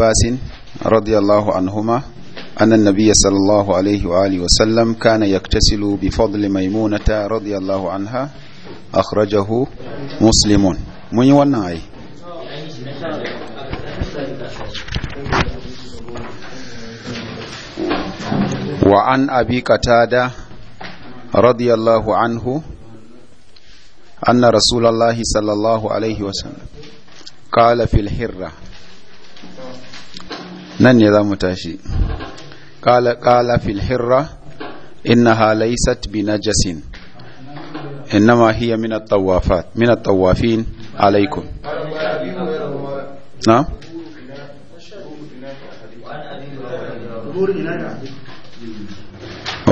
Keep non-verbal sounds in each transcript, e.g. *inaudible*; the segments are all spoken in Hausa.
عباس رضي الله عنهما أن النبي صلى الله عليه وآله وسلم كان يكتسل بفضل ميمونة رضي الله عنها أخرجه مسلمون من يوانا وعن أبي قتادة رضي الله عنه أن رسول الله صلى الله عليه وسلم قال في الحرة nan ne za mu tashi qala qala fil hirra innaha laysat binajasin innama hiya min at-tawafat min at-tawafin alaikum na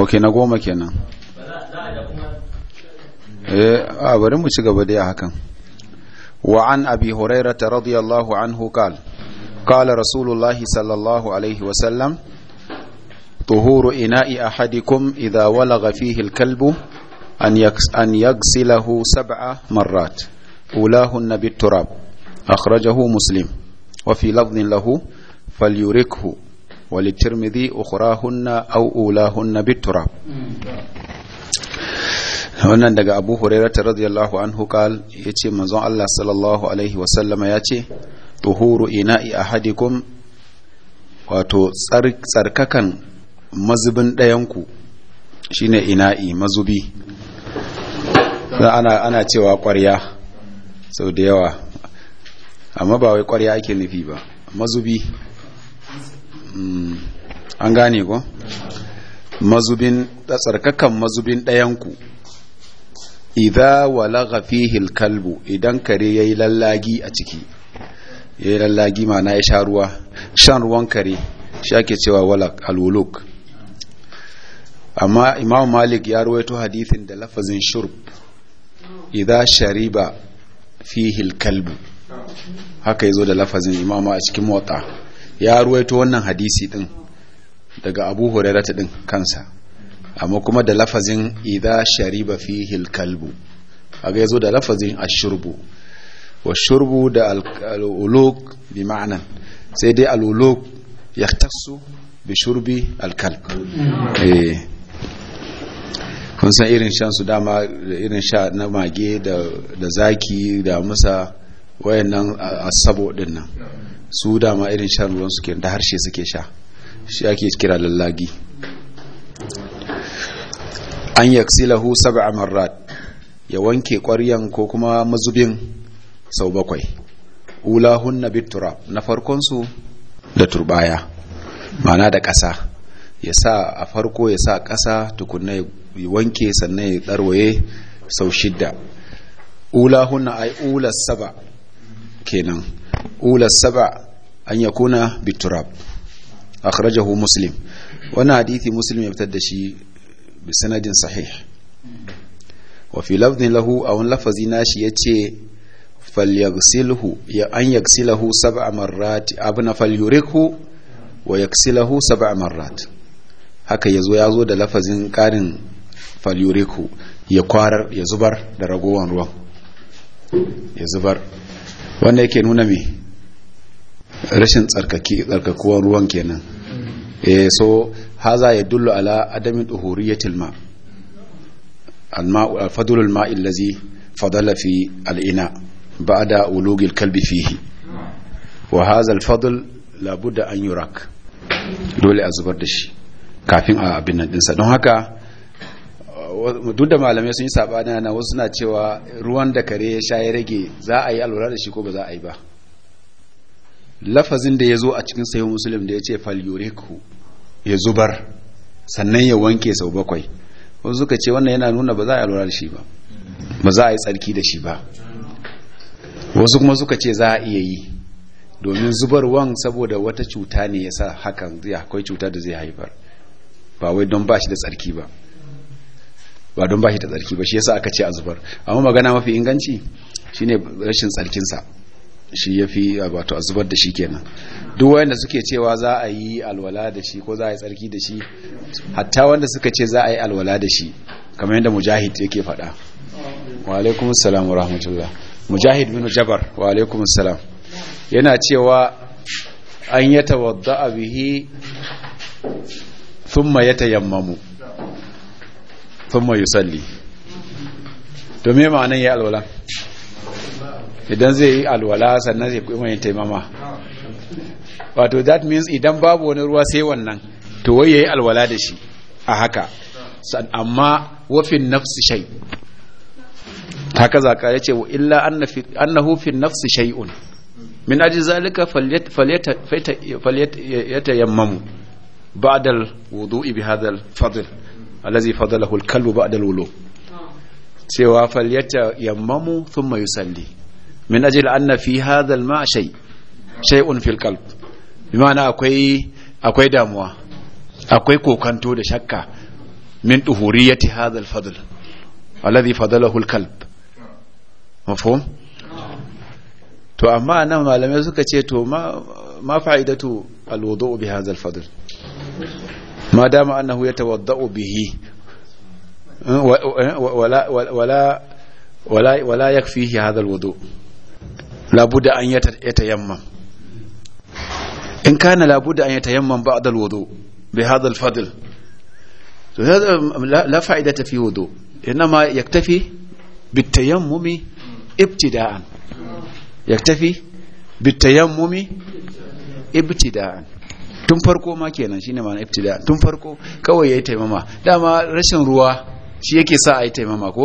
ok na goma kenan eh a bari mu ci gaba da hakan wa an abi hurairah radiyallahu anhu قال رسول الله صلى الله عليه وسلم طهور إناء أحدكم إذا ولغ فيه الكلب أن يغسله سبع مرات أولاهن بالتراب أخرجه مسلم وفي لفظ له فليركه وللترمذي أخراهن أو أولاهن بالتراب wannan daga abu hurairata radiyallahu anhu kal ya ce manzon Allah sallallahu alaihi wasallama ya ce tuhuru ina'i ahadikum wato tsarkakan mazubin ɗayanku shine ina'i mazubi ana, ana cewa ƙwarya sau da yawa amma ba wai ƙwarya ake nufi ba mazubi hmm, an gane ko mazubin tsarkakan mazubin ɗayanku idha walagha fihi kalbu idan kare yayi lallagi a ciki ya yi lallagi mana ya sha ruwa shan ruwan kare shi ake cewa walak alwuluk amma imam malik ya ruwaito hadithin da lafazin shurb idha shariba fihi alkalbu haka yazo da lafazin imam a cikin mota ya ruwaito wannan hadisi din daga abu hurairah din kansa amma kuma da lafazin idha shariba fihi alkalbu haka yazo da lafazin ashurbu wa shurbu da al'uluk bi ma'ana sai dai al'uluk ya tasu bi shurbi alkalb eh. kun san irin shan su dama irin sha na mage da zaki da musa wayannan asabo din nan su dama irin shan ruwan suke da harshe suke sha shi ake kira lallagi an yaksilahu sab'a marrat ya wanke ƙwaryan ko kuma mazubin sau bakwai ulahunna bitura na farkon su da turbaya mana da ƙasa ya sa a farko ya sa ƙasa tukunna ya wanke sannan ya ɗarwaye sau shidda ulahunna ai ulas saba kenan ulas saba an ya kuna a kharajahu muslim wani hadithi muslim ya fitar da shi bisanadin sahih wa fi lafzin lahu a wani lafazi nashi ya ce falyagsilhu ya an yagsilahu sab'a marrat abna falyurikhu wa yagsilahu sab'a marrat haka yazo yazo da lafazin karin falyurikhu ya kwarar ya zubar da ragowan ruwan ya zubar wanda yake nuna me rashin tsarkaki tsarkakuwan ruwan kenan eh so haza yadullu ala adami duhuriyatil ma al-ma'u al-fadlul ma'i allazi fadala fi al'ina بعد ولوغ الكلب فيه وهذا الفضل لابد أن يراك dole a zubar da shi kafin a don haka duk da malamai sun yi sabani na wasu na cewa ruwan da kare ya sha ya rage za a yi alwala da shi ko ba za a yi ba lafazin da ya zo a cikin sayo musulun da ya ce falyureku ya zubar sannan ya wanke sau bakwai wasu suka ce wannan yana nuna ba za a yi alwala da shi ba ba za a yi tsarki da shi ba wasu kuma suka ce za a iya yi domin zubarwan saboda wata cuta ne ya sa hakan akwai cuta da zai haifar ba wai don ba shi da tsarki ba ba don ba shi da tsarki ba shi ya sa aka ce a zubar amma magana mafi inganci shi ne rashin tsarkinsa shi ya fi wato a zubar da shi kenan duk wanda suke cewa za a yi alwala da shi ko za a yi tsarki da shi hatta wanda suka ce za a yi alwala da shi kamar yadda mujahid yake faɗa wa alaikumussalam wa rahmatullah mujahid bin jabar wa alaikum salam yana cewa an ya tawadda bihi thumma yatayammamu thumma yusalli to me nan ya alwala idan zai yi alwala sannan zai kuma yin taimama wato that means idan babu wani ruwa sai wannan to wai yayi alwala da shi a haka amma wafin nafsi shay haka zaka yace wa illa annahu fi nafsi shay'un min ajli zalika falyata yammamu ba'da al-wudu'i bi hadha al-fadl allazi fadalahu al-kalbu ba'da al-wulu cewa falyata yammamu thumma yusalli min ajli anna fi hadha al-ma' shay shay'un fil qalb bimana akwai akwai damuwa akwai kokanto da shakka min tuhuriyati hadha al-fadl allazi fadalahu al-kalb mafhum to amma nan malamai suka ce to ma fa'idatu alwudu bi hadha alfadl ma dama annahu yatawaddau bihi wala wala wala wala yakfihi hadha alwudu labuda an yatayammam in kana labuda an yatayammam ba'd alwudu bi hadha alfadl la fa'idata fi wudu inma yaktafi bitayammumi ibtida'an yaktafi bitayammumi ibtida'an tun farko ma kenan shine ma'ana ibtida'an tun farko kawai yayi taimama dama rashin ruwa shi yake sa ayi taimama ko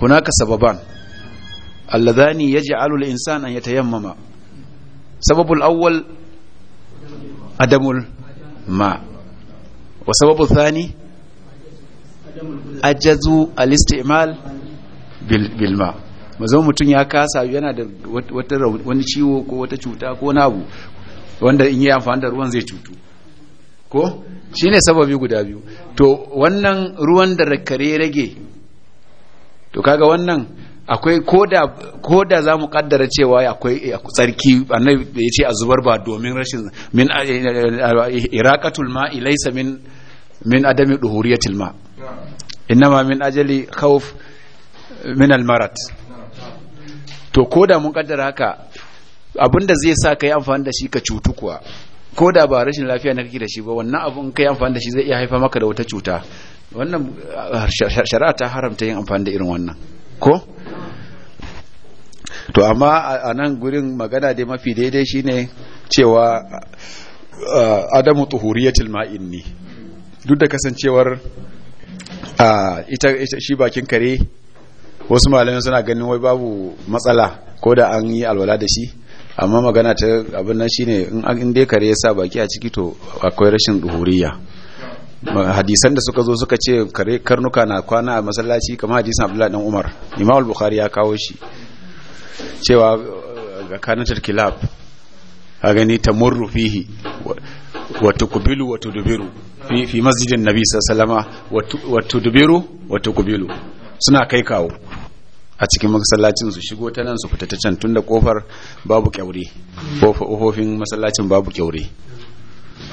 hunaka sababan alladhani yaj'alu al-insana yatayammama sababul awwal adamul ma wa sababul thani ajazu al-istimal bil ma mazan mutum ya kasa yana da wata wani ciwo ko wata cuta ko wani abu wanda in yi amfani da ruwan zai cutu ko shi ne sababi guda biyu to wannan ruwan da kare rage to kaga wannan akwai ko da za mu kaddara cewa akwai eh, tsarki annai da ya ce a zubar ba domin rashin min eh, eh, iraqatul ma'i laysa min min adami duhuriyatil ma min ajali khawf min al marat to ko da mun kaddara haka abinda zai sa ka yi amfani da shi ka cutu kuwa ko da ba rashin lafiya na kake da shi ba wannan ka kai amfani da shi zai iya haifa maka da wata cuta wannan ah, shari'a ta haramta yin amfani da irin wannan ko to amma a nan gurin magana dai mafi daidai shine cewa ah, adamu tuhuriyatul ma'in ne duk da kasancewar ah, ita shi bakin kare wasu malamai suna ganin wai babu matsala ko da an yi alwala da shi amma magana ta abin nan shine in dai kare ya sa baki a ciki to akwai rashin duhuriya hadisan da suka zo suka ce kare karnuka na kwana a masallaci kamar hadisan abdullahi dan umar imam al-bukhari ya kawo shi cewa ga kanatar kilab a gani tamurru fihi wa tuqbilu wa tudbiru fi fi masjidin nabi sallallahu alaihi wasallama wa tudbiru wa tuqbilu suna kai kawo a cikin masallacin su shigo ta nan su fita ta can tunda kofar babu kyaure kofofin masallacin babu kyaure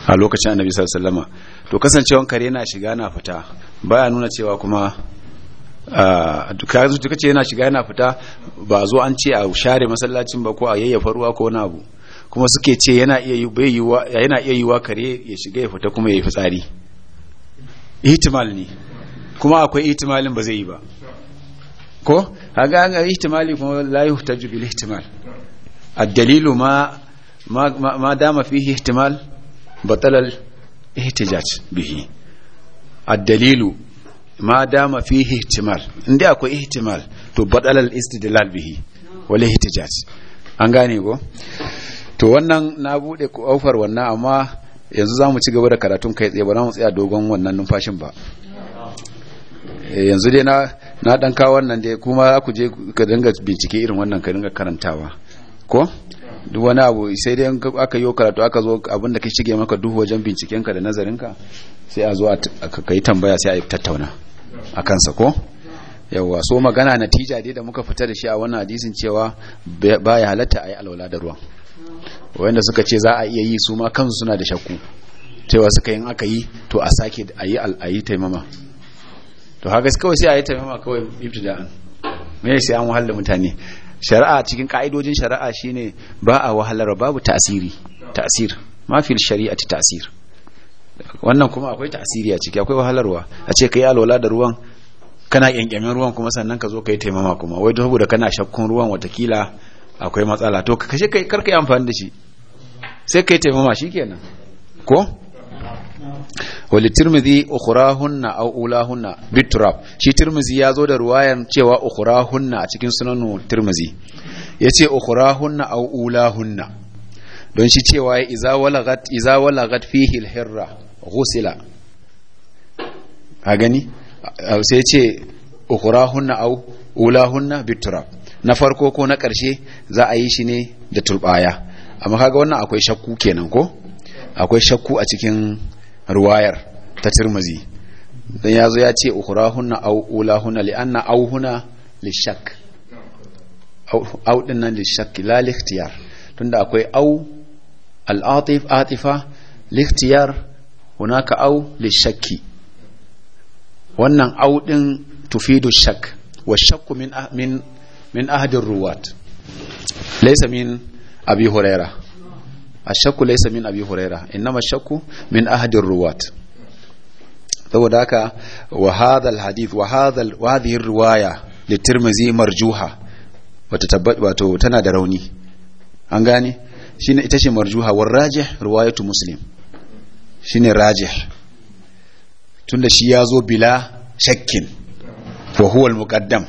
a lokacin annabi sallallahu alaihi to kasancewan kare yana shiga na fita baya nuna cewa kuma a zo duka ce yana shiga yana fita ba zo an ce a share masallacin ba ko a yayyafa ruwa ko wani abu kuma suke ce yana iya yiwuwa yana iya yiwuwa kare ya shiga ya fita kuma ya yi fitsari ihtimal ne kuma akwai ihtimalin ba zai yi ba ko kaga an ihtimali kuma la yuhtaju bil ihtimal الدليل ما ما ما دام ihtijaj an gane ko to wannan na bude kofar wannan amma yanzu zamu ci gaba da karatun kai tsaye ba za mu tsaya dogon wannan numfashin ba Eh, yanzu dai na na dan kawo wannan dai kuma ku je ka dinga bincike irin wannan ka dinga karantawa ko duk wani abu sai dai aka yi karatu aka zo abinda ka shige maka duhu wajen bincikenka da nazarinka sai a zo ka yi tambaya sai a yi tattauna a kansa ko yawwa so magana natija dai da muka fita da shi a wannan hadisin cewa baya halatta a yi alwala da ruwa wanda suka ce za a iya yi su ma kansu suna da shakku cewa suka yin aka yi to a sake a yi taimama to haka kawai sai a yi taimama kawai ibtida'an me sai an wahala mutane shari'a cikin ka'idojin shari'a shine ba a wahalar babu tasiri tasir ma fil shari'ati tasir wannan kuma akwai tasiri a ciki akwai wahalarwa a ce kai alwala da ruwan kana yankyamin ruwan kuma sannan ka zo ka yi taimama kuma wai da kana shakkun ruwan watakila akwai matsala to kashe kai karka yi amfani da shi sai ka yi taimama shi kenan ko wali tirmidhi ukhrahunna aw ulahunna biturab shi tirmidhi ya zo da ruwayan cewa ukhrahunna a cikin sunanu tirmidhi yace ukhrahunna aw ulahunna don shi cewa iza walagat iza walagat fihi alhirra ghusila a gani sai ce ukhrahunna aw ulahunna biturab na farko ko na ƙarshe za a yi shi ne da turbaya amma kaga wannan akwai shakku kenan ko akwai shakku a cikin ruwayar ta tirmizi dan yazo ya ce ukhrahunna aw ulahunna li anna aw huna li shakk aw dinnan la li ikhtiyar tunda akwai aw al atif atifa li ikhtiyar hunaka aw wannan aw din tufidu shak wa shakku min min min ahdi ruwat laysa min abi hurairah ashakku laysa min abi huraira innama ashakku min ahadir ruwat saboda haka wa hadha alhadith wa hadha wa hadhihi riwaya marjuha wata wato tana da rauni an gane shine ita ce marjuha war rajih riwayatu muslim shine rajih tunda shi yazo bila shakkin wa huwa almuqaddam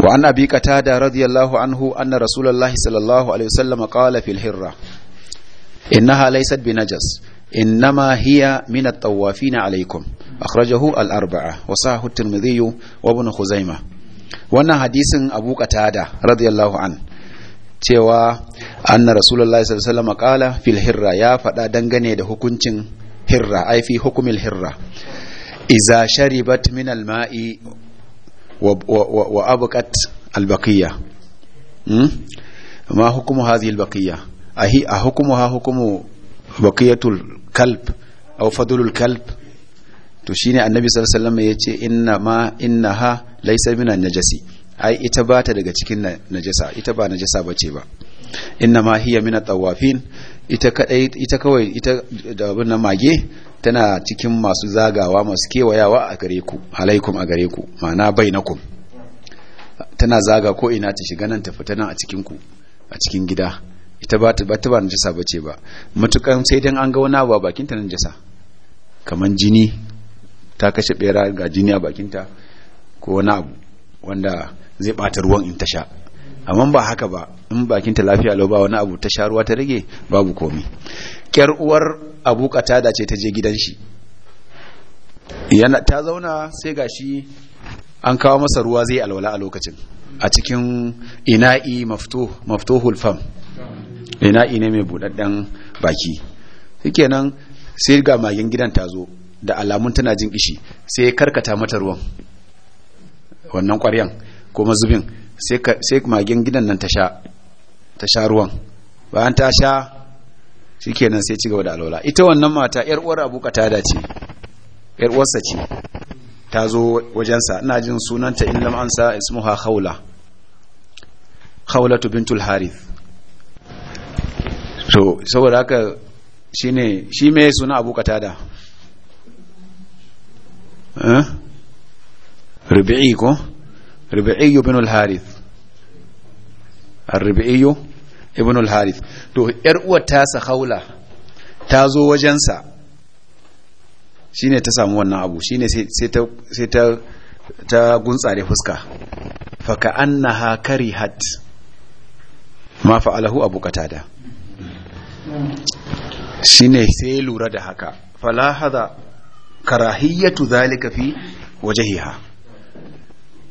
وعن أبي قتادة رضي الله عنه أن رسول الله صلى الله عليه وسلم قال في الهرة إنها ليست بنجس إنما هي من الطوافين عليكم أخرجه الأربعة وصاه الترمذي وابن خزيمة وأن حديث أبو قتادة رضي الله عنه cewa anna rasulullahi sallallahu alaihi wasallam qala fil hirra ya faɗa dangane da hukuncin hirra ai fi hukumil hirra iza sharibat min al-ma'i wa abqat albaqiya hmm? ma hukumu hadhihi albaqiya a hukumu ha hukumu baqiyatul kalb aw fadlul kalb to shine annabi sallallahu alaihi wasallam yace inna ma innaha laysa minan najasi ai ita bata daga cikin najasa ita ba najasa bace ba inna ma hiya min at-tawafin ita kadai ita kawai ita da abin na mage tana cikin masu zagawa masu kewayawa a gare ku alaikum a gare ku ma'ana bainakum tana zaga ko ina ta shiga nan ta fita nan a cikin ku a cikin gida ita ba ta ba ta ba najasa bace ba mutukan sai dan an ga wani abu a bakin ta jasa kaman jini ta kashe bera ga jini a bakin ta ko wani abu wanda zai bata ruwan in ta sha amma ba haka ba in bakin ta lafiya lau ba wani abu ta sha ruwa ta rage babu komi kyar uwar abu da ce ta je gidan shi ta zauna sai gashi an kawo masa ruwa zai alwala a lokacin a cikin ina'i maftuhul fam ina'i ne mai budadden baki nan sai ga magen gidan ta zo da alamun tana jin kishi sai karkata mata ruwan wannan kwaryan ko mazubin sai magen gidan nan ta sha ruwan bayan ta sha shikenan sai ci gaba da alwala ita wannan mata yar uwar Abu Qatada ce yar uwarsa ce ta zo wajensa ina jin sunanta in lam ansa ismuha khawla khawlatu bintul harith to saboda haka shine shi me suna Abu Qatada eh rubi'i ko rubi'i ibn al-harith ar-rubi'i ibn al-harith to yar uwar sa haula ta zo wajensa shine ta samu wannan abu shine sai ta sai ta ta guntsare fuska fa ka annaha karihat ma fa'alahu abu qatada shine sai lura da haka fala hada karahiyatu zalika fi wajhiha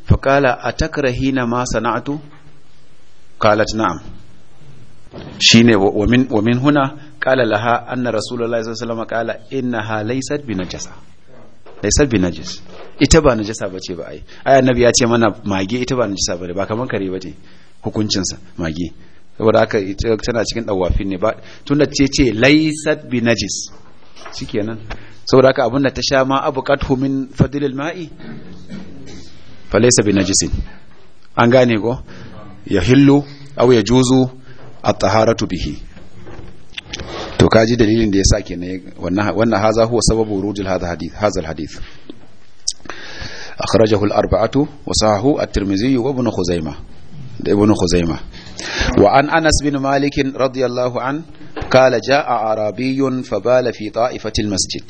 fa qala atakrahina ma sana'tu qalat na'am Shi ne wamin wa min huna qala laha anna rasulullahi sallallahu alaihi wasallam qala ha laysat bi najasa laysat bi najis ita ba najasa bace ba ai ai annabi ya ce mana mage ita ba najasa bane ba kaman kare bace hukuncin sa mage saboda haka tana cikin dawafin ne ba tunda ce ce laysat bi najis shikenan saboda haka abinda ta sha ma abu min fadlil ma'i falaysa bi najisin an gane ko ya hillu aw ya juzu a taharatu bihi to kaji dalilin da ya sa ke ne wannan haza huwa sababu rujul hazal hadith akhrajahu al-arba'atu wa sahahu at-tirmidhi wa ibn khuzaimah da ibn khuzaimah wa an anas bin malik radiyallahu an qala jaa arabiyyun fabala fi ta'ifatil masjid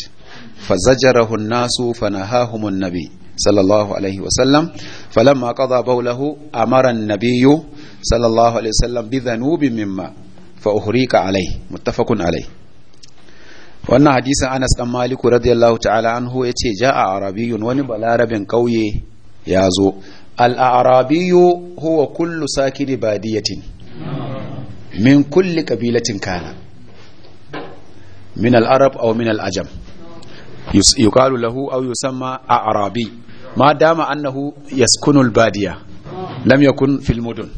فزجره الناس فنهاهم nabi. صلى الله عليه وسلم فلما قضى بوله أمر النبي صلى الله عليه وسلم بذنوب مما فأهريك عليه متفق عليه وأن حديث أنس بن مالك رضي الله تعالى عنه يتي جاء عربي ونبلارب قوي يازو الأعرابي هو كل ساكن بادية من كل قبيلة كان من العرب أو من الأجم يقال له أو يسمى أعرابي ma dama annahu يسكن البادية لم يكن في المدن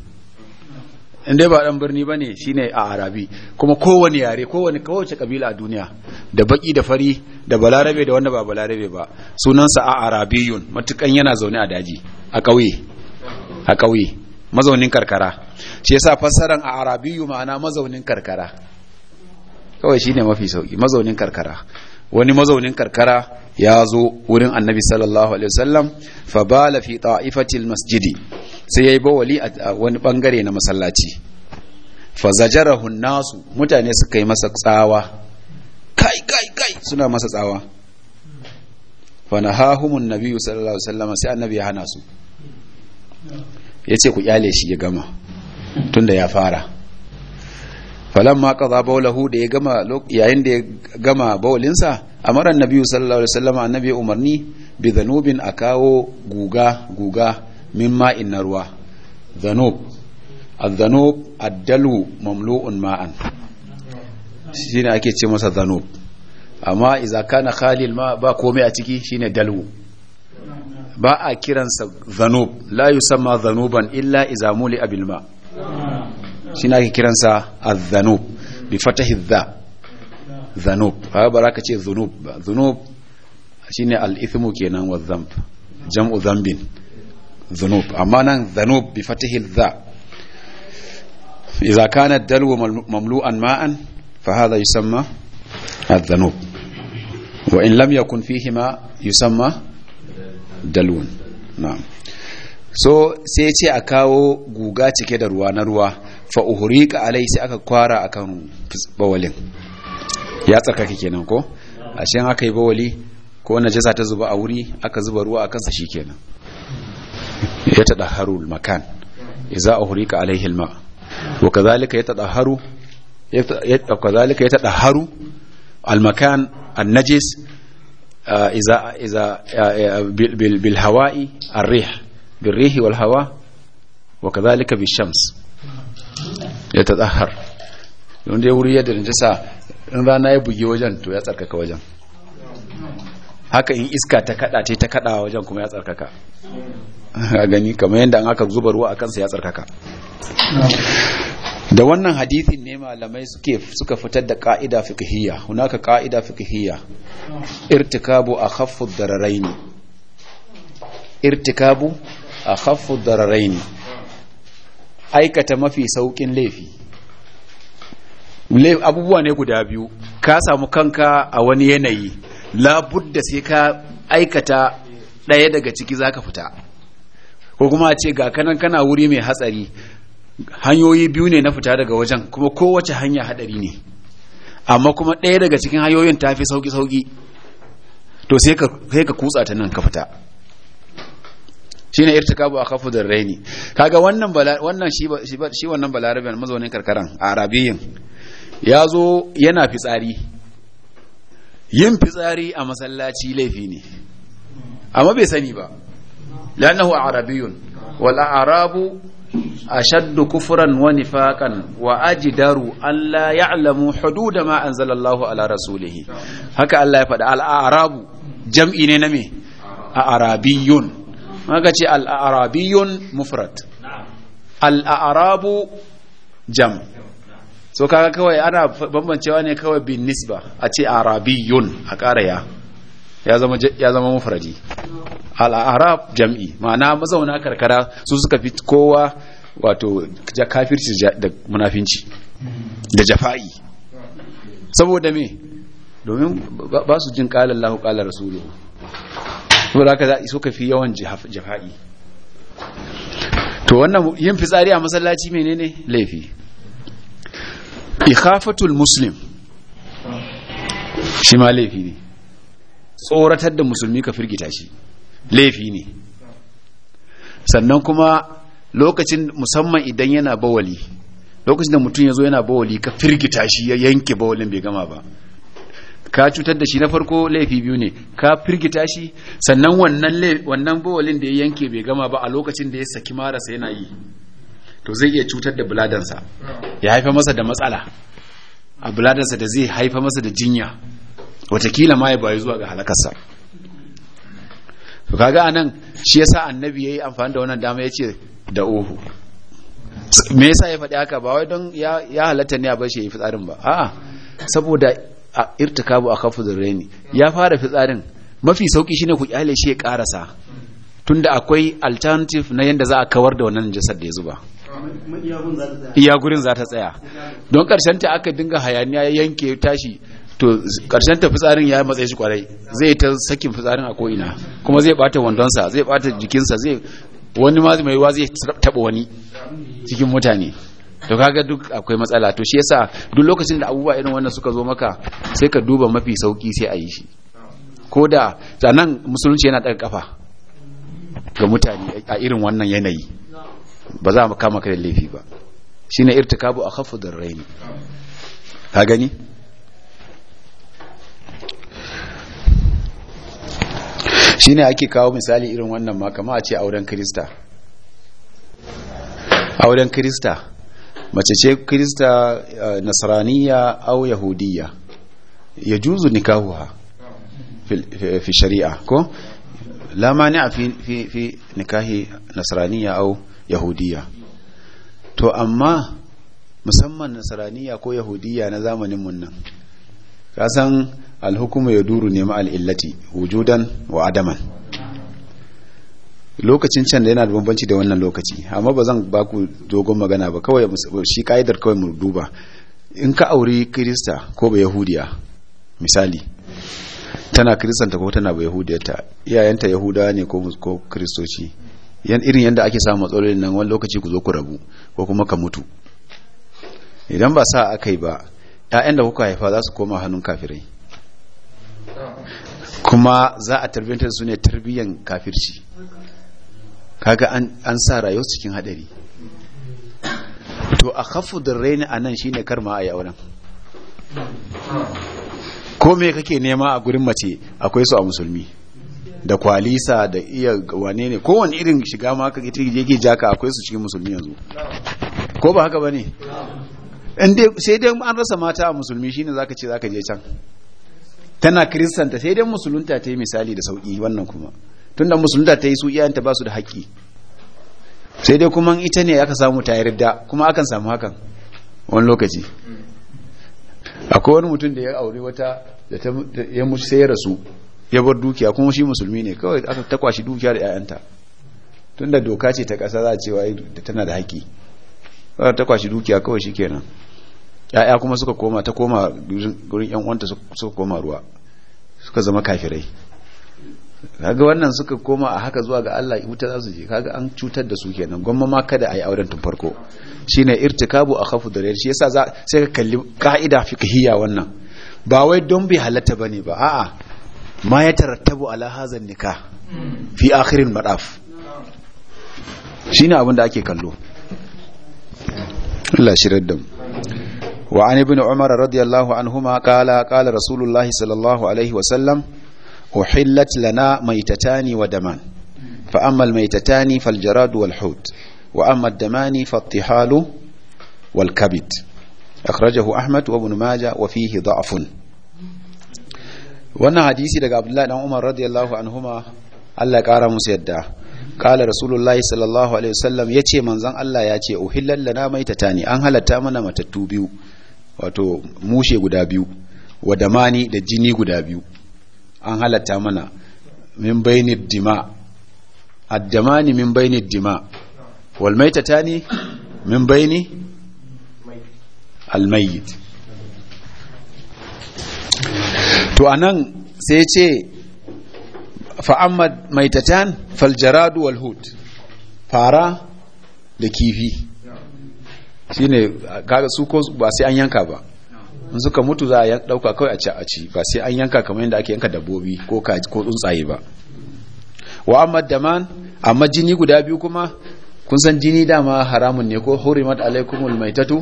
inda ba dan birni bane shine a arabi kuma kowane yare kowane kowace kabila a duniya da baki da fari da balarabe da wanda ba balarabe ba sunansa a arabiyun matukan yana zaune a daji a kauye a kauye mazaunin karkara shi yasa fassaran a arabiyu ma'ana mazaunin karkara kawai shine mafi sauki mazaunin karkara wani mazaunin karkara ya zo wurin annabi sallallahu alaihi wasallam fa bala fi ta'ifatil masjidi sai yayi bawali a wani bangare na masallaci fa zajarahu nasu mutane suka yi masa tsawa kai kai kai suna masa tsawa fa nahahumun nabiyyu sallallahu alaihi wasallam sai annabi ya hana su yace ku kyale shi ya gama tunda ya fara falamma qada bawlahu da ya gama yayin da ya gama bawlinsa amara annabi sallallahu alaihi wasallam annabi umarni bi dhanubin akawo guga guga mimma inna ruwa dhanub adh-dhanub ad-dalu mamlu'un ma'an shine ake ce masa dhanub amma idza kana khali ma ba komai a ciki shine dalwu ba a kiransa dhanub la yusamma dhanuban illa idza muli abil ma' shi na ake kiransa zanub bi fatahi dha zanub ba ba ka ce zunub ba zunub shi ne al'ithimu kenan wa zamb jam'u zambin zunub amma nan zanub bi fatahi dha idza kana dalwu mamlu'an ma'an fa hadha yusamma a zanub wa in lam yakun fihi ma yusamma dalwun na'am so sai ce a kawo guga cike da ruwa na ruwa fa uhriqa alai sai aka kwara kan bawalin ya tsarkake kenan ko ashe aka yi bawali ko najasa ta zuba a wuri aka zuba ruwa a kansa shi kenan. *laughs* ya taɗa haru makan idza uhriqa alai hilma wa kadhalika yatadahharu وكذلك يتطهر المكان النجس إذا إذا بالهواء الريح بالريح والهواء وكذلك bishams. ya ta tsahar don dai wuri yadda sa in rana ya bugi wajen to ya tsarkaka wajen haka in iska ta kada ta ta kada wajen kuma ya tsarkaka a gani kamar yadda an aka zuba ruwa a kansa ya tsarkaka da wannan hadithin ne malamai suke suka fitar da ka'ida fiqhiyya hunaka ka'ida fiqhiyya irtikabu akhaffu dararaini irtikabu akhaffu aikata mafi saukin laifi abubuwa ne guda biyu ka samu kanka a wani yanayi labudda sai ka aikata ɗaya daga ciki zaka fita ko kuma a ce ga kanan kana wuri mai hatsari hanyoyi biyu ne na fita daga wajen kuma kowace hanya hadari ne amma kuma ɗaya daga cikin hanyoyin ta fi sauki-sauki to sai ka kutsa ta nan ka fita Shin shine irtikabu akhafu darraini kaga wannan wannan shi shi wannan balaraben mazaunin karkaran a Ya zo yana fitsari yin fitsari a masallaci laifi ne amma bai sani ba lannahu a'arabiyyun. wal arabu ashaddu kufran wa nifaqan wa ajdaru an la ya'lamu hudud ma anzalallahu ala rasulihi haka Allah ya faɗa al jam'i ne na me a maka ce al'arabiyun mufrat al'arabu jam so kaga kawai ana bambancewa ne kawai bin nisba a ce arabiyun a ƙara ya ya zama mufradi al'arab jam'i ma'ana mazauna karkara su suka fi kowa wato kafirci da munafinci da jafa'i saboda me domin ba su jin ƙalallahu ƙalar rasulu saboda haka za ka fi yawan jafa'i to wannan yin fitsari a masallaci menene laifi ikhafatul muslim shi ma laifi ne tsoratar da musulmi ka firgita shi laifi ne sannan kuma lokacin musamman idan yana bawali lokacin da mutum ya zo yana bawali ka firgita shi ya yanke bawalin bai gama ba ka cutar da shi na farko laifi biyu ne ka firgita shi sannan wannan wannan bawalin da ya yanke bai gama ba a lokacin da ya saki marasa yana yi to zai iya cutar da buladansa ya haifa masa da matsala a buladansa da zai haifa masa da jinya watakila ma ya bayu zuwa ga halakarsa to kaga anan shi yasa annabi yayi amfani da wannan dama yace da ohu me yasa ya faɗi haka ba wai don ya halatta ne a bar shi ya yi fitsarin ba a'a saboda irtikabu akhafu dhurraini ya fara fitsarin mafi sauki shine ku kyale shi ya karasa tunda akwai alternative na yanda za a kawar da wannan jasar da ya zuba iya za ta tsaya don karshen ta aka dinga hayaniya ya yanke tashi to karshen ta fitsarin ya matsayi shi kwarai zai ta sakin fitsarin a ko'ina kuma zai bata wandonsa zai bata jikinsa zai wani mazi mai wa zai taba wani cikin mutane to kaga duk akwai matsala to shi yasa duk lokacin da abubuwa irin wannan suka zo maka sai ka duba mafi sauki sai a yi shi ko da sanan musulunci yana daga kafa ga mutane a irin wannan yanayi ba za mu kama ka laifi ba shine irtikabu akhaffu raini. ka gani shine ake kawo misali irin wannan ma kamar a ce auren krista auren krista mace ce kirista eh, nasaraniya au yahudiya ya juzu nikahuha fi shari'a ko la a fi nikahi nasaraniya au yahudiya to amma musamman nasraniya ko yahudiya na zamanin mun nan kasan alhukumu ya duru ne al'illati wujudan wa adaman lokacin can da yana da bambanci da wannan lokaci amma ba zan ba ku dogon magana ba kawai shi ka'idar kawai mu duba in ka auri kirista ko ba yahudiya misali tana kiristanta ko tana ba yahudiyarta iyayenta yahudawa ne ko kiristoci yan irin yadda ake samun matsalolin nan wani lokaci ku zo ku rabu ko kuma ka mutu idan ba sa aka yi ba 'ya'yan da kuka haifa za su koma hannun kafirai kuma za a tarbiyyantar su ne tarbiyyan kafirci kaga an sa rayuwa cikin hadari to a da raini a nan shine karma a yawon ko me kake nema a gurin mace akwai su a musulmi da kwalisa da iya wane ne kowane irin shiga ma kake yake jaka akwai su cikin musulmi yanzu ko ba haka bane sai dai an rasa mata a musulmi shine zaka ce zaka je can tana kristanta sai dai musulunta ta yi misali da sauki wannan kuma tunda musulunta ta yi su iyayenta ba su da haƙƙi sai dai kuma ita ne aka samu ta yarda kuma akan samu hakan wani lokaci akwai wani mutum da ya aure wata da ta ya mutu sai ya rasu ya bar dukiya kuma shi musulmi ne kawai aka ta dukiya da 'ya'yanta tunda doka ce ta ƙasa za a cewa tana da haƙƙi ta kwashi dukiya kawai shi kenan ya'ya kuma suka koma ta koma gurin yan suka koma ruwa suka zama kafirai kaga wannan suka koma a haka zuwa ga Allah wuta za su je kaga an cutar da su kenan gwamma ma kada ayi auren tun farko shine irtikabu akhafu darar shi yasa sai ka kalli ka'ida fiqhiyya wannan ba wai don bi halatta bane ba a'a ma ya tarattabu ala hazan nikah fi akhirin madaf shine abin da ake kallo Allah shirar da mu وعن ابن عمر رضي الله عنهما qala قال رسول الله صلى uhillat lana maitatani wa daman fa amma almaitatani faljaradu wal hut wa amma damani fattihalu wal akhrajahu ahmad wa ibn majah wa fihi da'fun wannan hadisi daga abdullahi dan umar radiyallahu anhuma Allah ya kara musu yadda kala rasulullahi sallallahu alaihi wasallam yace manzon Allah ya ce uhillal lana maitatani an halatta mana matattu biyu wato mushe guda biyu wadamani da jini guda biyu an halatta mana min bainid dima addamani min bainid dima wal maitatani min baini al mayyit to anan sai ce fa amma maitatan fal jarad wal hud fara da kifi shine kaga su ko ba sai an yanka ba in suka mutu za a dauka kawai a ci a ci ba sai an yanka kamar yadda ake yanka dabbobi ko kaji ko tsuntsaye ba wa amma daman amma jini guda biyu kuma kun san jini dama haramun ne ko hurimat alaikumul maitatu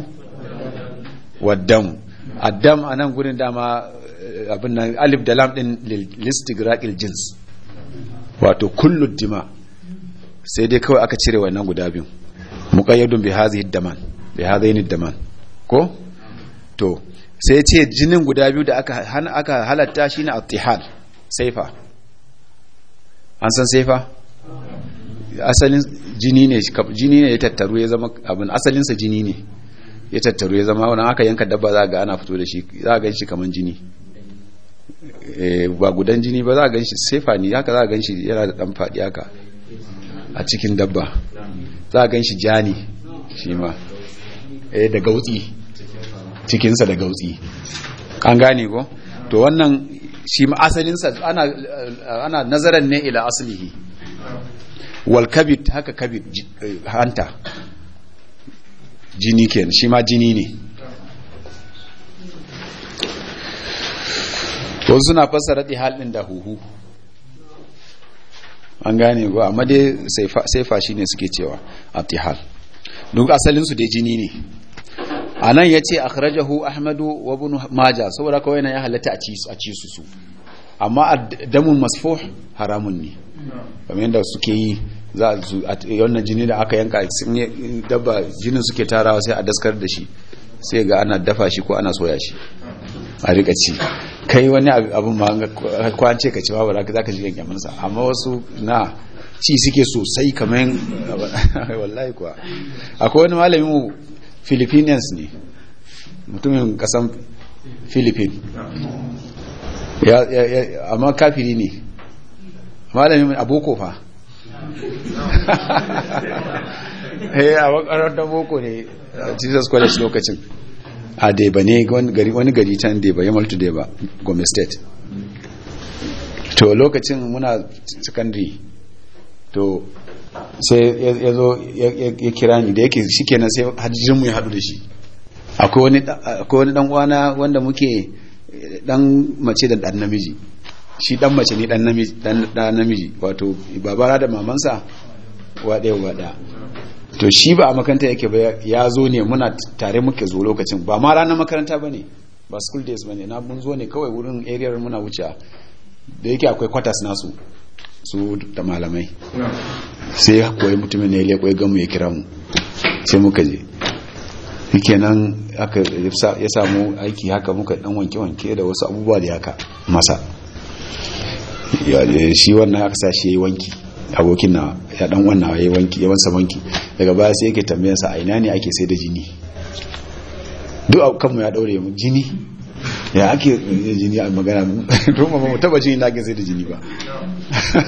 waddam addam anan gurin dama eh, abin nan alif da lam din listigraqil jins wato kullu dima sai dai kawai aka cire wannan guda biyu muqayyadun bi hadhihi daman bi hadhaini daman ko to sai ce jinin guda biyu da aka halatta shi na attihal saifa an san saifa asalin jini ne jini ne ya tattaru ya zama abin asalinsa jini ne ya tattaru ya zama wani aka yanka dabba za ga ana fito da shi za gan shi kaman jini eh, ba gudan jini ba za gan shi saifa ne haka za gan shi yana da dan faɗi haka a cikin dabba za gan shi jani shi ma daga eh, da cikinsa da gautsi an gane ko to wannan shi asalinsa ana, ana nazaran ne ila asalihi wal kabit haka kabit eh, hanta jini ken shi ma jini ne wasu suna fassara di ɗin da huhu an gane ko amma dai fa shi ne suke cewa abtihal duk asalinsu dai jini ne a nan ya ce akhrajahu ahmadu wa ibn maja saboda kawai na ya halatta a ci su su amma damun masfuh haramun ne kamar yadda suke yi za a wannan jini da aka yanka sun dabba jinin suke tarawa sai a daskar da shi sai ga ana dafa shi ko ana soya shi a rika ci kai wani abin ma kwance ka ci ba za zaka ji yankin sa amma wasu na ci suke sosai kamar *laughs* wallahi kuwa akwai wani malamin mu philippines ne mutumin kasan philippines amma kafiri ne malami malamin aboko fa *laughs* eh a makarantar boko ne a jesus college lokacin a deba ne wani gari can deba ya maltu deba gombe state to lokacin muna secondary to sai ya zo ya kira ni da yake shi kenan sai mu ya haɗu da shi akwai wani dan uwana wanda muke dan mace da dan namiji shi dan mace ne dan namiji dan namiji wato babara da mamansa wa waɗa wa to shi ba a makaranta yake ba ya zo ne muna tare muke zo lokacin ba ma ranar makaranta ba ne ba school days ne na mun zo ne kawai wurin area muna wuce da yake akwai quarters nasu su da malamai sai ya koyi mutumin ne ya koyi gamu ya kira mu sai muka je nan ya samu aiki haka muka dan wanke-wanke da wasu abubuwa da haka masa shi wannan aka sa shi ya yi wanki abokin na ya dan wannan ya yi wanki ya wansa wanki daga baya sai yake tambayarsa a ina ne ake sai da jini duk kanmu ya daure mu jini ya ake jini a magana roma *laughs* ba mu taba jini na sai da jini ba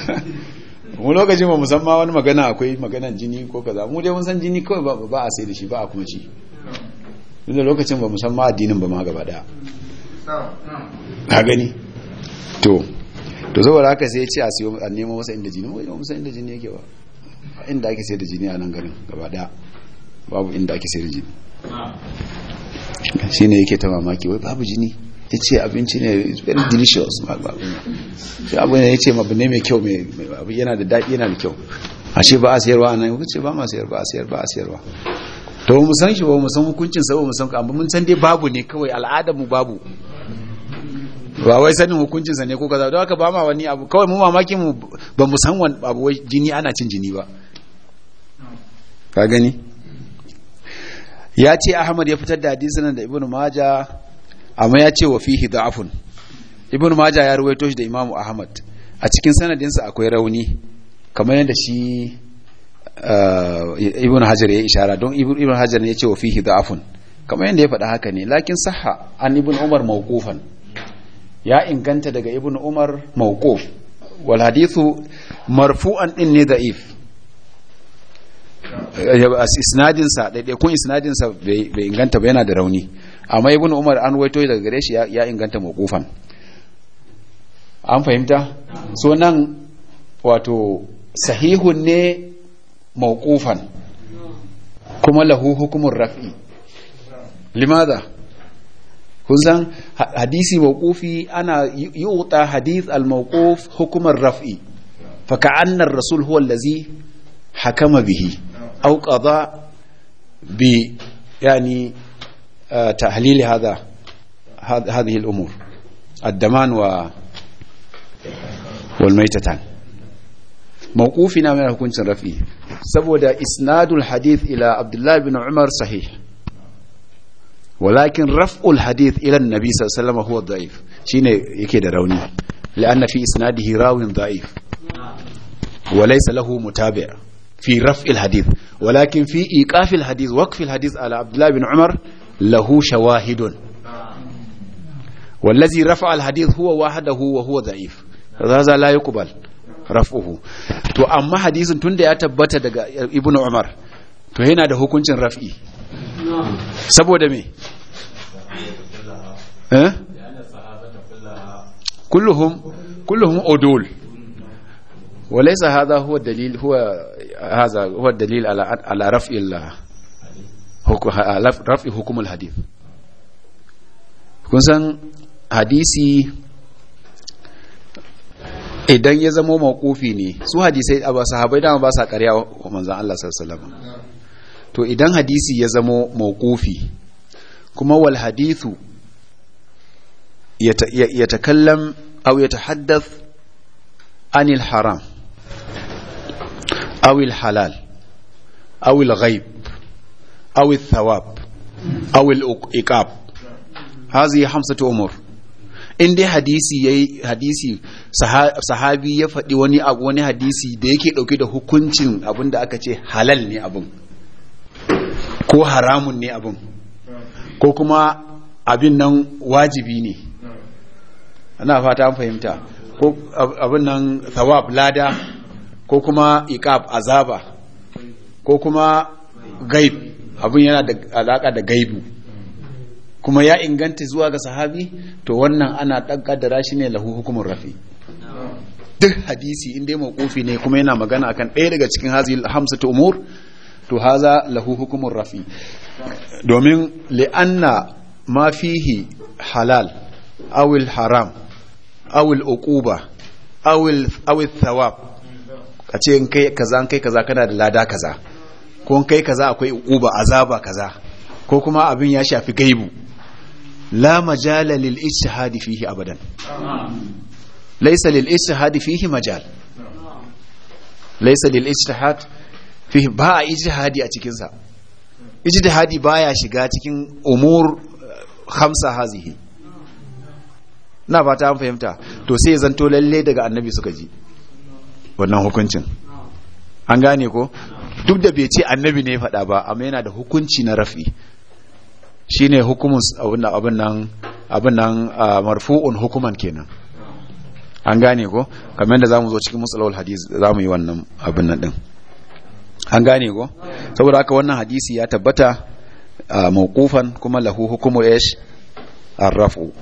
*laughs* mu lokacin ba musamman wani magana akwai maganan jini ko kaza mu dai mun san jini kawai ba a sai da shi ba a kuma ci duk da lokacin ba musamma addinin ba ma gaba daya ka gani to to saboda haka sai ya ce a siyo a nemo masa inda jini wai ba san inda jini yake ba inda ake sai da jini a nan garin gaba daya babu inda ake sai da jini shine yake ta mamaki wai babu jini ya ce abinci ne very delicious shi abu ne ya ce mabu ne mai kyau yana da daɗi yana da kyau a ce ba a sayarwa nan ya ce ba ma sayar ba a sayar ba a sayarwa to mu san shi ba mu san hukuncin sa ba mu san ka mun san dai babu ne kawai al'adar mu babu ba wai sanin hukuncin sa ne ko kaza don haka ba ma wani abu kawai mu mamakin mu ba mu san wani abu wai jini ana cin jini ba ka gani ya ce ahmad ya fitar da hadisin da ibnu majah amma ya ce wa fihi da'afun ibn maja ya ruwaito shi da imamu ahmad a cikin sanadinsa akwai rauni kamar yadda shi eh, ibn hajar ya ishara don ibn hajar ne ya ce wa fihi da'afun kamar yadda ya faɗa haka ne lakin sahha an ibn umar mawqufan ya inganta daga ibn umar mawquf wal hadithu marfu'an din ne da'if eh, eh, isnadinsa ɗaiɗaikun isnadinsa bai inganta ba yana da rauni amma ibn umar an waito daga gare shi ya inganta mawqufan an fahimta so nan wato sahihun ne mawqufan kuma lahu hukumun raf'i Limada. kun san hadisi mawqufi ana yuta hadith al-mawquf hukumar raf'i fa ka'anna ar-rasul huwa hakama bihi aw qada bi yani آه، تحليل هذا هذه الأمور الدمان و والميتتان موقوفنا من كنت رفيه سبود إسناد الحديث إلى عبد الله بن عمر صحيح ولكن رفع الحديث إلى النبي صلى الله عليه وسلم هو ضعيف شين يكيد روني لأن في إسناده راو ضعيف وليس له متابع في رفع الحديث ولكن في إيقاف الحديث وقف الحديث على عبد الله بن عمر lahu shawahidun wallazi rafa alhadith huwa wahadahu wa huwa da'if zaza la yuqbal raf'uhu to amma hadisin tunda ya tabbata daga ibnu umar to yana da hukuncin raf'i saboda me eh kulluhum kulluhum udul وليس هذا هو الدليل هو هذا هو الدليل على على رفع raf'i hukumul hadith kun san hadisi idan ya zama mawqufi ne su hadisai a sahabbai dama ba sa ƙarya wa manzon Allah sallallahu to idan hadisi ya zama mawqufi kuma wal hadithu ya ta yatahaddath anil haram awil halal awil ghaib أو الثواب أو الإقاب هذه خمسة أمور in dai hadisi yayi hadisi sahabi ya faɗi wani wani hadisi da yake ɗauke da hukuncin abin da aka ce halal ne abin ko haramun ne abin ko kuma abin nan wajibi ne ana fata an fahimta ko abin nan thawab lada ko kuma iqab azaba ko kuma gaib abin yana da alaka da gaibu kuma ya inganta zuwa ga sahabi to wannan ana ɗaggada shi ne lahu hukumun rafi duk hadisi in dai mawqufi ne kuma yana magana akan ɗaya daga cikin hazil ta umur to haza lahu hukumun rafi domin li'anna ma fihi halal awil haram awil uquba awil awil thawab a ce in kai kaza kai kaza kana da lada kaza ko kai kaza akwai uba azaba kaza ko kuma abin ya shafi gaibu la majala lil ijtihadi fihi abadan laysa lil ijtihadi fihi majal laysa lil ijtihad fihi ba ijtihadi a cikin sa ijtihadi baya shiga cikin umur eh, khamsa hazihi na ba ta fahimta to sai zanto lalle daga annabi suka ji wannan hukuncin an gane ko duk da bai ce annabi ne faɗa ba amma yana da hukunci na rafi shine hukumin abin nan abin nan marfu'un hukuman kenan an gane ko kamar da mu zo cikin hadisi za mu yi wannan abin nan din an gane ko saboda haka wannan hadisi ya tabbata maukufan kuma lahu hukumu ish arrafu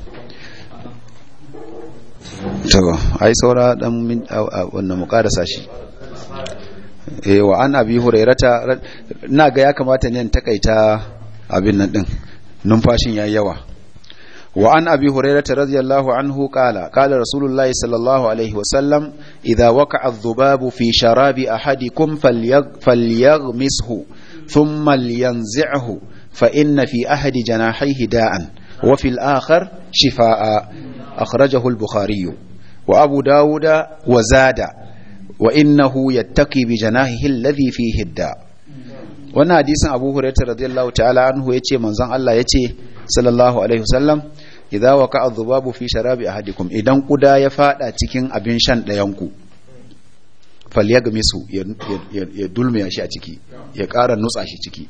to ai saura dan wannan mu shi eh wa an abi hurairata na ga ya kamata ne takaita abin nan din numfashin yayi yawa wa an abi hurairata radiyallahu anhu ƙala qala rasulullah sallallahu alaihi wa sallam idha waqa'a adh-dhubabu fi sharabi ahadikum falyaghmishu thumma liyanzi'hu fa inna fi ahadi janahihi da'an wa fil akhar shifa'a akhrajahu al-bukhari wa abu dawuda wa zada wa innahu yattaqi bi janahihi alladhi fihi hidda wannan hadisin Abu Hurairah radiyallahu ta'ala anhu yace manzon Allah yace sallallahu alaihi wasallam idza adh dhubabu fi sharabi ahadikum idan kuda ya fada cikin abin shan dayan ku falyagmisu ya dulme shi a ciki ya ƙara nutsa shi ciki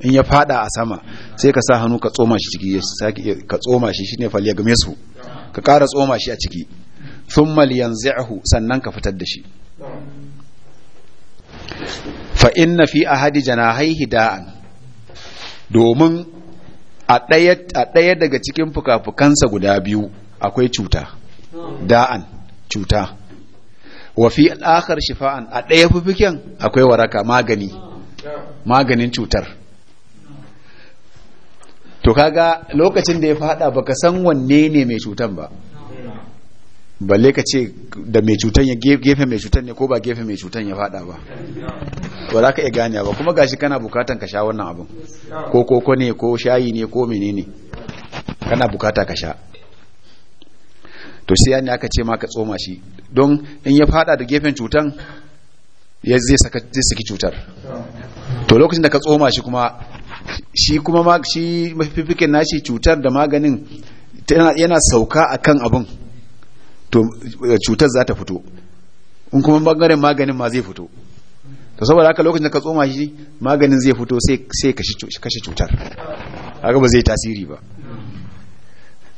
in ya fada a sama sai ka sa hannu ka tsoma shi ciki ka tsoma shi shine falyagmisu ka ƙara tsoma shi a ciki thumma liyanzi'hu sannan ka fitar da shi fa inna fi ahadi janahaihi da'an domin a ɗaya daga cikin fuka-fukansa guda biyu akwai cuta da'an cuta wa fi al'akar shifa'an a ɗaya fufiken akwai waraka magani maganin cutar to kaga lokacin da ya fada baka san wanne ne mai cutan ba balle ka ce da mai cutan ya gefe mai cutan ne ko ba gefe mai cutan ya fada ba ba za ka iya gane ba kuma gashi kana bukatan ka sha wannan abin ko koko ne ko shayi ne ko menene kana bukata ka sha to sai ya aka ce ma ka tsoma shi don in ya fada da gefen cutan ya zai saki cutar to lokacin da ka tsoma shi kuma shi kuma ma shi mafifikin nashi cutar da maganin yana sauka akan abin to eh, cutar za ta fito in kuma bangaren maganin ma zai fito ta saboda haka lokacin da ka tsoma shi maganin zai fito sai kashe cutar haka ba zai tasiri ba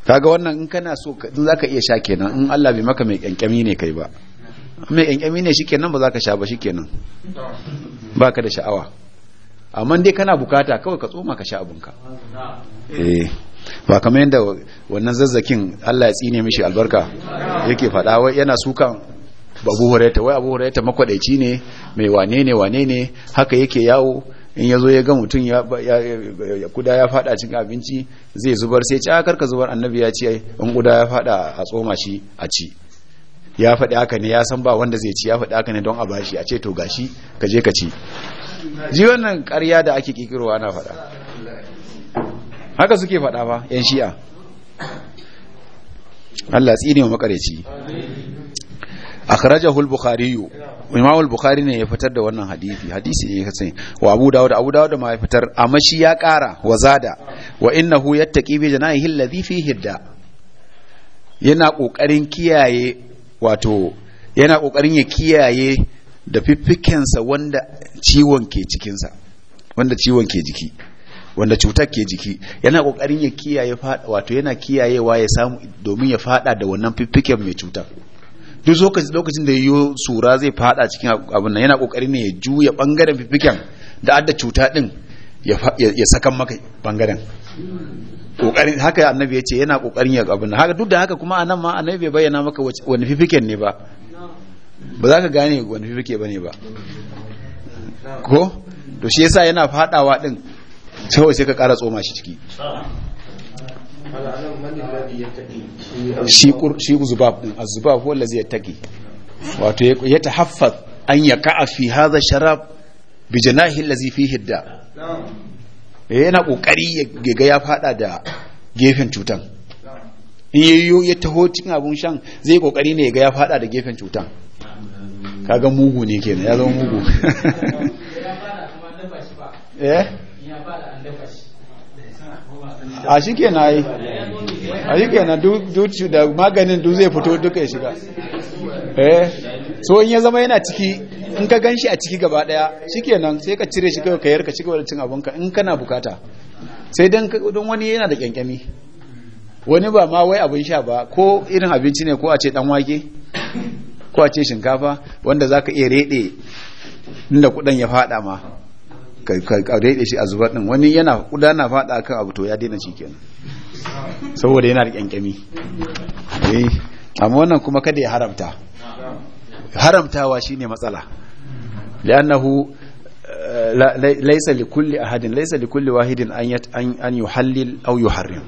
kaga wannan in kana so in za ka iya sha kenan in Allah bai maka mai kyankyami ne kai ba mai kyankyami ne shikenan ba za ka sha ba shikenan ka da sha'awa amma dai kana bukata kawai ka tsoma ka sha abinka eh ba kamar yadda wannan zazzakin Allah ya tsine mishi albarka yake fada wai yana sukan abu huraita wai abu huraita makwadaici ne mai wane ne wane ne haka yake yawo in ya zo ya ga mutum ya kuda ya fada cin abinci zai zubar sai ci ah, karka zubar annabi ya ci in kuda ya fada a tsoma shi a ci ya faɗi haka ne ya san ba wanda zai ci ya faɗi haka ne don a bashi a ce to gashi ka je ka ci ji wannan ƙarya da ake kikirwa ana faɗa haka suke faɗa ba yan shi'a Allah tsini wa makareci akhrajahu Hul bukhari imam al-bukhari ne ya fitar da wannan hadisi hadisi ne ya sani wa abu dawud abu dawud ma ya fitar amma shi ya kara wa zada wa innahu yattaqi bi janahihi alladhi fi hidda yana kokarin kiyaye wato yana kokarin ya kiyaye da fiffikensa wanda ciwon ke sa wanda ciwon ke jiki wanda cutar ke jiki yana kokarin ya kiyaye fada wato yana kiyayewa ya samu domin ya fada da wannan fiffiken mai cutar duk lokacin lokacin da yiwo sura zai fada cikin abin nan yana kokarin ne ya juya bangaren fiffiken da adda cuta din ya sakan maka bangaren kokarin haka annabi ya ce yana kokarin ya abin haka duk da haka kuma anan ma annabi bai bayyana maka wani fifiken ne ba ba za ka gane wani fifike bane ba ko to shi yasa yana fadawa din sai kawai sai ka ƙara tsoma shi ciki shi zubab din azubab wanda zai taƙi wato ya ta haffar an ya ka'a fi haza sharab bi janahi lazi fi hidda eh, yana kokari ya ga ya fada da gefen cutan in yayyo ya taho cikin abun shan zai kokari ne ya ga ya fada da gefen cutan kaga mugu ne kenan ya zama mugu *laughs* eh a shi ke na yi a shi ke na da maganin duk zai fito duka ya shiga eh so in ya zama yana ciki in ka gan shi a ciki gaba daya shi ke nan sai ka cire shi kawai ka yarka ci gaba cin abinka in kana bukata sai don wani yana da kyankyami wani ba ma wai abin sha ba ko irin abinci ne ko a ce dan wake ko a ce shinkafa wanda za ka iya reɗe inda kudan ya fada ma ka daidai shi a zubar din wani yana kuda na fada akan abu to ya daina shi kenan saboda yana da kyankyami eh, amma wannan kuma kada ya haramta haramtawa shine matsala li'annahu eh, laysa a ahadin laysa likulli wahidin an an yuhallil aw yuharrim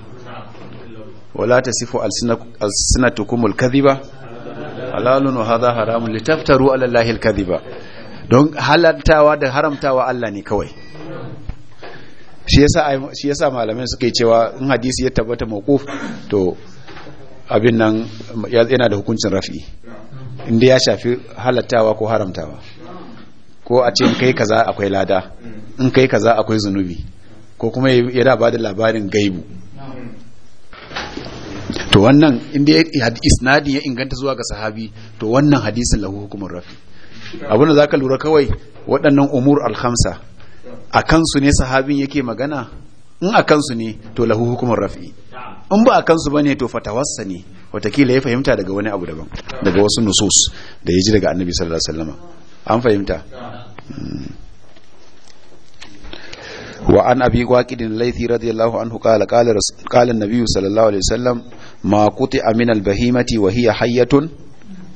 wala tasifu alsinatukum alkadhiba halalun wa hadha haramun litaftaru ala allahi alkadhiba don halartawa da haramtawa Allah ne kawai shi yasa malamai suka yi cewa in hadisi ya tabbata mawquf to abin nan yana da hukuncin rafi inda ya shafi halartawa ko haramtawa ko a ce in kai kaza akwai lada in kai kaza akwai zunubi ko kuma yana ba da labarin gaibu to wannan inda isnadi ya inganta zuwa ga sahabi to wannan hadisin lahu hukumar rafi abinda za ka lura kawai waɗannan umur alhamsa a kansu ne sahabin yake magana in a kansu ne to lahu hukumar rafi in ba a kansu ba ne to fatawarsa ne watakila ya fahimta daga wani abu daban daga wasu nusus da ya ji daga annabi sallallahu alaihi wasallam an fahimta hmm. wa an abi waqidin laithi radiyallahu anhu qala qala qala an-nabiy sallallahu alaihi wasallam ma quti'a min al-bahimati wa hiya hayyatun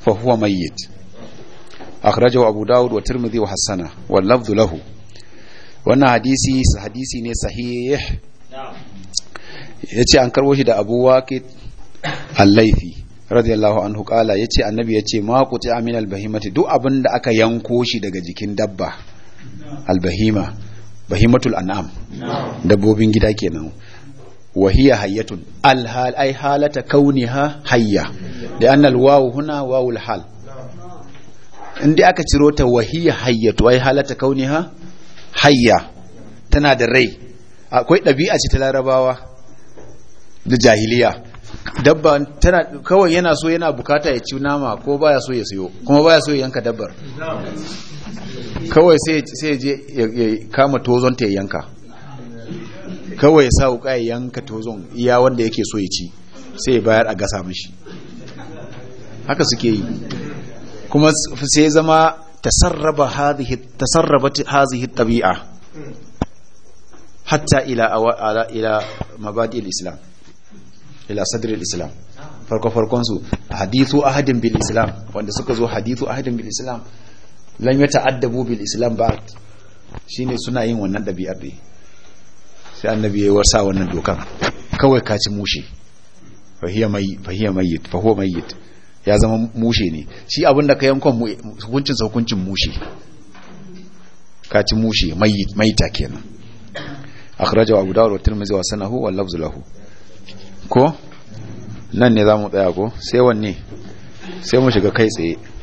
fa huwa mayyit akhrajahu abu dawud wa tirmidhi wa hasana wal lafdhu lahu wannan hadisi hadisi ne sahih yace an karbo shi da abu waqid al-laifi radiyallahu anhu kala yace annabi yace ma quti amin al-bahimati duk abinda aka yanko shi daga jikin dabba al-bahima bahimatul an'am dabbobin gida kenan wa hiya hayyatun al-hal ay halata kauniha hayya da anna al-wawu huna wawul hal in dai aka ciro ta wahiya hayyatu ai halata kauniha hayya tana da rai akwai ɗabi'a ce ta larabawa da jahiliya dabba tana kawai yana so yana bukata ya ci nama ko baya so ya siyo kuma baya so ya yanka dabbar kawai sai je ya kama tozon ta yanka kawai ya sa wuka ya yanka tozon iya wanda yake so ya ci sai ya bayar a gasa mishi haka suke yi kuma sai zama tasarraba hadhihi tasarrabat hadhihi tabi'a hatta ila ila mabadi islam ila sadr islam farko farkon su hadithu ahadin bil islam wanda suka zo hadithu ahadin bil islam lan yata'addabu bil islam ba shine suna yin wannan dabi'ar ne sai annabi ya wasa wannan dokan kawai ka ci mushe fahiya mayyit fahiya mayyit fa huwa ya zama mushe ne shi abinda ka yankon hukuncin hukuncin mushe ka ci mushe nan a kira jawa guda wa mai zuwa sanahu wa lafzu ko nan ne za mu tsaya ko sai wanne sai mu shiga kai tsaye